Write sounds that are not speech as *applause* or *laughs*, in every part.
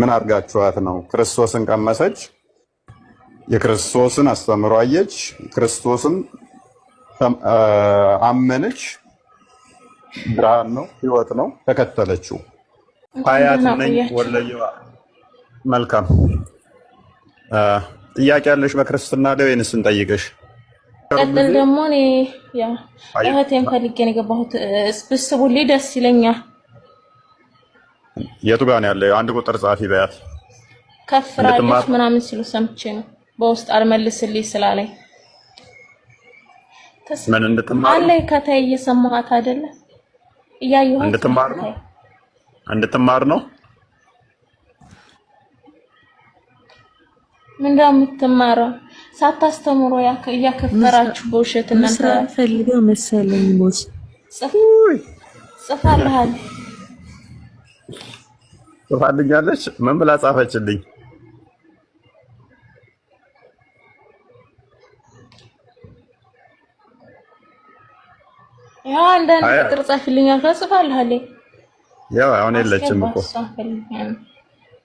ምን አድርጋችኋት ነው? ክርስቶስን ቀመሰች፣ የክርስቶስን አስተምሮ አየች፣ ክርስቶስን አመነች። ብርሃን ነው፣ ህይወት ነው፣ ተከተለችው። አያት ነኝ ወለየዋ። መልካም ጥያቄ ያለሽ በክርስትና ላይ ወይንስ እንጠይቅሽ? ቀጥል ደግሞ እህቴን ፈልጌ ነው የገባሁት። ስብስቡ ደስ ይለኛል የቱ ጋር ነው ያለ? አንድ ቁጥር ጻፊ በያት። ከፍራለች ምናምን ሲሉ ሰምቼ ነው በውስጥ አልመልስልኝ ስላለኝ ምን እንድትማር አለ ከታይ እየሰማሃት አይደለ? እያየኋት እንድትማር ነው እንድትማር ነው። ምን እንደምትማረው ሳታስተምሮ እያከፈራችሁ በውሸት እናንተ ፈልገው መሰለኝ ሞት ጽፋለሃል ጽፋልኛለች። ምን ብላ ጻፈችልኝ? ያው አንዳንድ ቁጥር ጻፊልኛል ከጽፋልሃለ። ያው አሁን የለችም እኮ።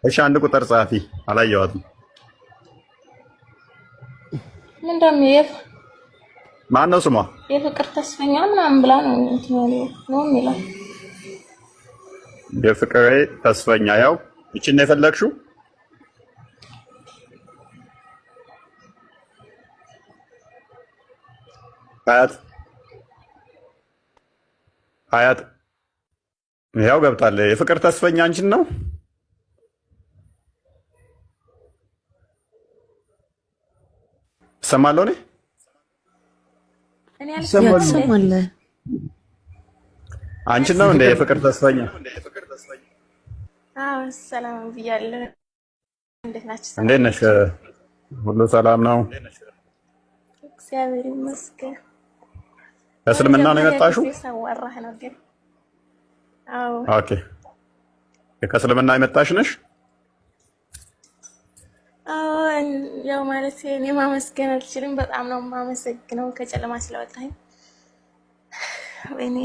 እሺ አንድ ቁጥር ጻፊ። አላየዋትም። ምንድን ነው የፍ ማነው ስሟ? የፍቅር ተስፈኛ ምናምን ብላ ነው ነው ነው የሚለው የፍቅሬ ተስፈኛ ያው እችን ነው የፈለግሽው? አያት አያት ያው ገብታለ። የፍቅር ተስፈኛ አንቺን ነው ሰማለሁ እኔ አንቺን ነው እንደ የፍቅር ተስፈኛ ሰላም ብያለሁ። እንዴት ናችሁ? ነሽ? ሁሉ ሰላም ነው? እግዚአብሔር ይመስገን። ከእስልምና ነው የመጣሽው? ሰዋራህ ኦኬ። ከእስልምና የመጣሽ ነሽ? ያው ማለት እኔ ማመስገን አልችልም። በጣም ነው የማመሰግነው ከጨለማ ስለወጣኝ ወይኔ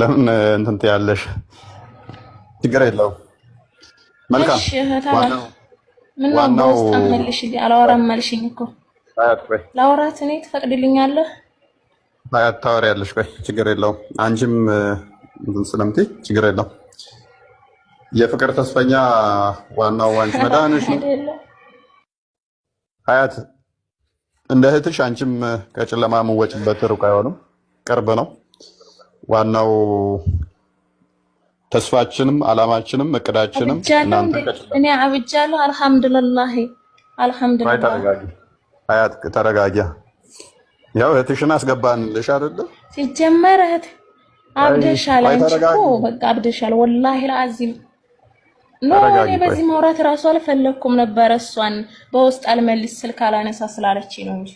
ለምን እንትን ያለሽ ችግር የለውም። መልካም ዋናው አላወራም እኔ ትፈቅድልኛለህ? ቆይ ችግር የለውም። አንቺም እንትን ስለምትይ ችግር የለውም። የፍቅር ተስፈኛ ዋናው አንቺ መድኃኒትሽ ነው ሀያት እንደ እህትሽ አንቺም ከጨለማ የምወጭበት ሩቅ አይሆንም፣ ቅርብ ነው። ዋናው ተስፋችንም አላማችንም እቅዳችንም እኔ አብጃለሁ። አልሐምዱልላህ አልሐምዱልላህ። አያት ተረጋጊ። ያው እህትሽን አስገባንልሽ አይደለ? ሲጀመር እህት አብደሻል፣ አንቺ እኮ በቃ አብደሻል። ወላሂ ለአዚም ኖ እኔ በዚህ ማውራት እራሱ አልፈለኩም ነበረ። እሷን በውስጥ አልመልስ ስልክ አላነሳ ስላለች ነው እንጂ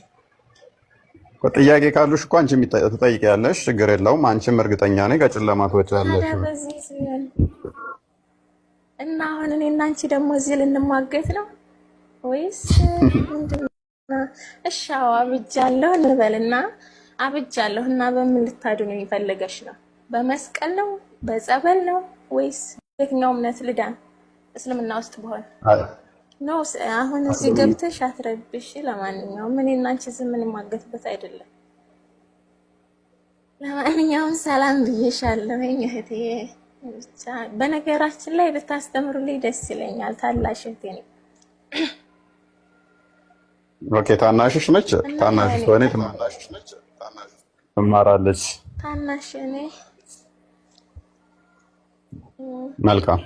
ጥያቄ ካሉሽ እኮ አንቺ ትጠይቂያለሽ፣ ችግር የለውም። አንቺም እርግጠኛ ነኝ ከጨለማ ትወጫለሽ። እና አሁን እኔ እና አንቺ ደግሞ እዚህ ልንሟገት ነው ወይስ እሺ? አዎ አብጃለሁ ልበልና አብጃለሁ። እና በምን ልታድኑ ይፈልገሽ ነው? በመስቀል ነው? በጸበል ነው? ወይስ የትኛው እምነት ልዳን? እስልምና ውስጥ በሆነ ነው አሁን እዚህ ገብተሽ አትረብሽ። ለማንኛውም እኔ እና አንቺ ዝም የማገትበት አይደለም። ለማንኛውም ሰላም ብዬሻለሁኝ እህቴ። ብቻ በነገራችን ላይ ልታስተምሩልኝ ደስ ይለኛል። ታላሽ እህቴ ነኝ። ኦኬ፣ ታናሽሽ ነች። ታናሽሽ ሆኔ ትማራለች ትማራለች። ታናሽ እኔ መልካም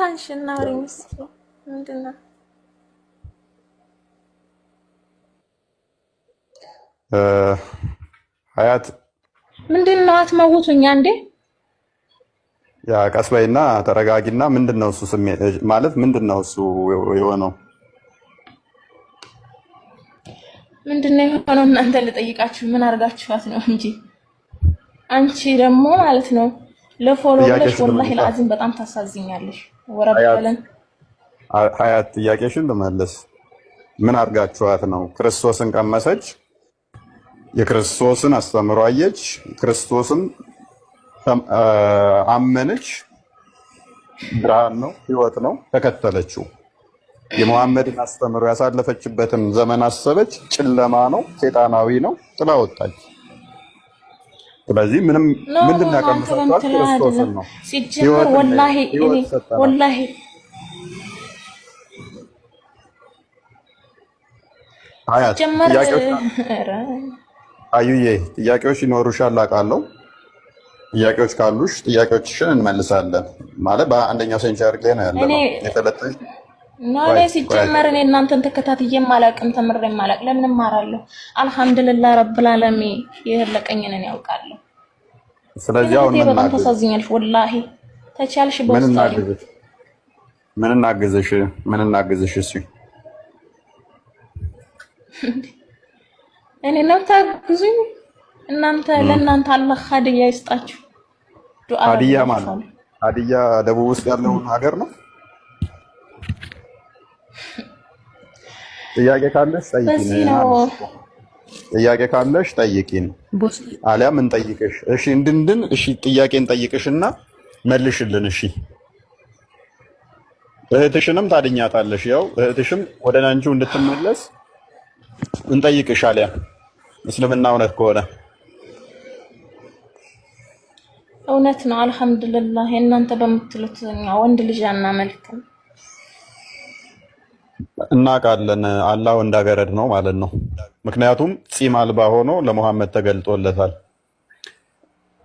ታንሽ እናውሪ ምስኪ ምንድን ነው ሀያት ምንድን ነው አትመውቱኛ እንዴ ያ ቀስ በይና ተረጋጊና ምንድን ነው እሱ ስሜት ማለት ምንድን ነው እሱ የሆነው ምንድን ነው የሆነው እናንተ ልጠይቃችሁ ምን አድርጋችኋት ነው እንጂ አንቺ ደግሞ ማለት ነው ለፎሎ ብለሽ ወላሂ ለአዚም በጣም ታሳዝኛለሽ ወረብ ሀያት ጥያቄሽን ልመልስ ምን አድርጋችኋት ነው ክርስቶስን ቀመሰች የክርስቶስን አስተምሮ አየች፣ ክርስቶስን አመነች። ብርሃን ነው፣ ህይወት ነው፣ ተከተለችው። የመሐመድን አስተምሮ ያሳለፈችበትን ዘመን አሰበች። ጨለማ ነው፣ ሴጣናዊ ነው፣ ጥላ ወጣች። ስለዚህ ምንም ምንድን ያቀምሳቸዋል? ክርስቶስን ነው። ሲጀምር ወላሂ ወላሂ አያት አዩዬ ጥያቄዎች ይኖሩሻል አውቃለሁ። ጥያቄዎች ካሉሽ ጥያቄዎችሽን እንመልሳለን። ማለት በአንደኛው ሴንቸር ላይ ነው ያለ የተለጠ ኖኔ ሲጀመር እኔ እናንተን ተከታትዬም ማላቅም ተምሬም ማላቅ ለምን ማራለሁ? አልሐምዱሊላህ ረብል ዓለሚን የለቀኝን እኔ ያውቃለሁ። ስለዚህ አሁን በጣም ተሳዝኛል። ወላሂ ተቻልሽ በውስጥ ምን እናግዝሽ? ምን እናግዝሽ? እሱ *laughs* እኔ ነው ታግዙኝ። እናንተ ለእናንተ አላህ ሀዲያ ይስጣችሁ። ሀዲያ ማለት ነው። ሀዲያ ደቡብ ውስጥ ያለውን ሀገር ነው። ጥያቄ ካለሽ ጠይቂን፣ ጥያቄ ካለሽ ጠይቂን፣ አሊያም እንጠይቅሽ። እሺ እንድንድን እሺ፣ ጥያቄ እንጠይቅሽና መልሽልን። እሺ እህትሽንም ታድኛታለሽ። ያው እህትሽም ወደ ናንቺው እንድትመለስ እንጠይቅሽ አሊያም እስልምና እውነት ከሆነ እውነት ነው። አልሐምዱልላህ እናንተ በምትሉት ወንድ ልጅ አናመልክም። እናውቃለን አላህ አገረድ ነው ማለት ነው። ምክንያቱም ፂም አልባ ሆኖ ለሙሐመድ ተገልጦለታል።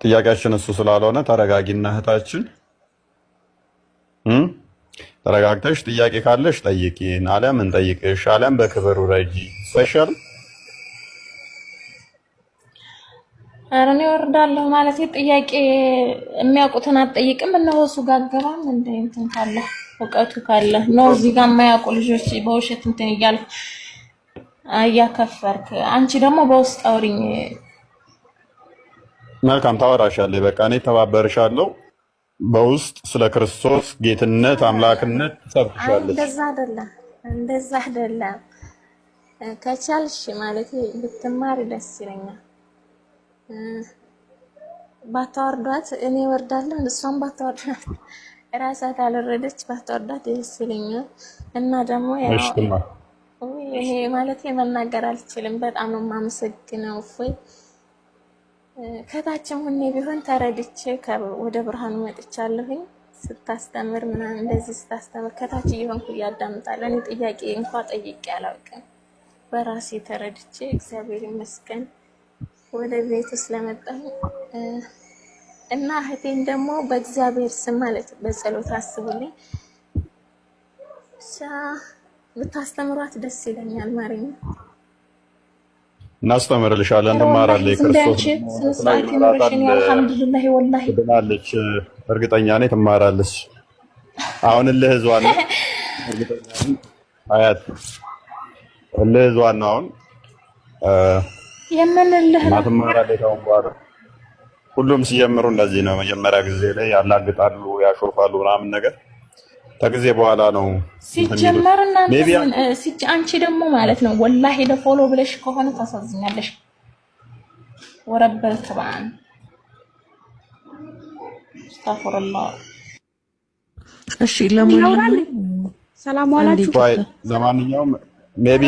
ጥያቄያችን እሱ ስላልሆነ ተረጋጊና እህታችን ተረጋግተሽ ጥያቄ ካለሽ ጠይቂን፣ አሊያም እንጠይቅሽ፣ አሊያም ረጂ ስፔሻል ኧረ እኔ እወርዳለሁ ማለት ጥያቄ የሚያውቁትን አትጠይቅም። እነሆ እሱ ጋር አገባም እንደ እንትን ካለ እውቀቱ ካለ ነው። እዚህ ጋር የማያውቁ ልጆች በውሸት እንትን እያልኩ እያከፈርክ፣ አንቺ ደግሞ በውስጥ አውሪኝ። መልካም ታወራሻለች። በቃ እኔ ተባበርሻለሁ። በውስጥ ስለ ክርስቶስ ጌትነት አምላክነት ትሰብክሻለች። እንደዛ አይደለም፣ እንደዛ አይደለም። ከቻልሽ ማለት ብትማሪ ደስ ይለኛል። ባታወርዷት እኔ ወርዳለሁ፣ እሷም ባታወርዷት *laughs* ራሳት አልወረደች ባታወርዷት ደስ ይለኛል። እና ደግሞ ይሄ ማለት መናገር አልችልም። በጣም ነው የማመሰግነው። እፎይ ከታችም ሁኔ ቢሆን ተረድቼ ወደ ብርሃኑ መጥቻለሁኝ። ስታስተምር ምናምን እንደዚህ ስታስተምር ከታች እየሆንኩ እያዳምጣለሁ። እኔ ጥያቄ እንኳ ጠይቄ አላውቅም። በራሴ ተረድቼ እግዚአብሔር ይመስገን። ወደ ቤት ስለመጣሁ እና እህቴን ደግሞ በእግዚአብሔር ስም ማለት በጸሎት አስቡልኝ። ብታስተምሯት ደስ ይለኛል። ማርኝ እናስተምርልሻለን፣ እንማራለን። ክርስቶስ እርግጠኛ ነኝ ትማራለች። አሁን ነው አያት ልህዟ ነው አሁን የምንልህ ሁሉም ሲጀምሩ እንደዚህ ነው። መጀመሪያ ጊዜ ላይ ያላግጣሉ፣ ያሾፋሉ ምናምን ነገር ከጊዜ በኋላ ነው ሲጀመር። እናንተ አንቺ ደግሞ ማለት ነው ሄደ ፎሎ ብለሽ ከሆነ ታሳዝኛለሽ። ወረበል ትባን ስታፈረላ እሺ። ለማንኛውም ሜቢ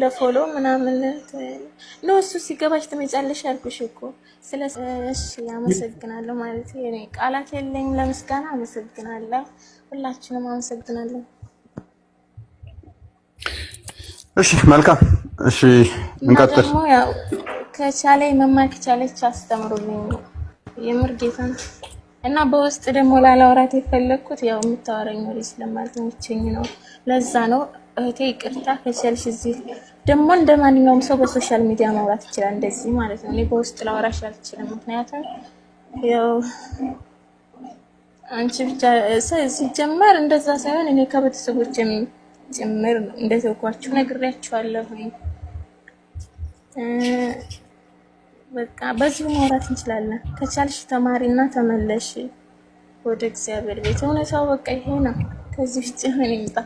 ለፎሎ ምናምን ኖ እሱ ሲገባሽ ትመጫለሽ ያልኩሽ እኮ ስለ እሺ፣ አመሰግናለሁ ማለት እኔ ቃላት የለኝም ለምስጋና አመሰግናለሁ። ሁላችንም አመሰግናለሁ። እሺ፣ መልካም እሺ፣ እንቀጥል። ከቻለ መማር ከቻለች አስተምሩልኝ የምር እና በውስጥ ደግሞ ላላውራት የፈለግኩት ያው የምታወራኝ ወሬ ስለማልተመቸኝ ነው። ለዛ ነው እህቴ ይቅርታ ከቻልሽ እዚህ ደግሞ እንደ ማንኛውም ሰው በሶሻል ሚዲያ ማውራት ይችላል፣ እንደዚህ ማለት ነው። እኔ በውስጥ ላወራሽ አልችልም፣ ምክንያቱም ያው አንቺ ብቻ ሲጀመር እንደዛ ሳይሆን እኔ ከቤተሰቦች ጭምር እንደተውኳችሁ ነግሬያችኋለሁ። በቃ በዚሁ ማውራት እንችላለን። ከቻልሽ ተማሪና ተመለሽ ወደ እግዚአብሔር ቤት። እውነታው በቃ ይሄ ነው። ከዚህ ውጭ ምን ይምጣ?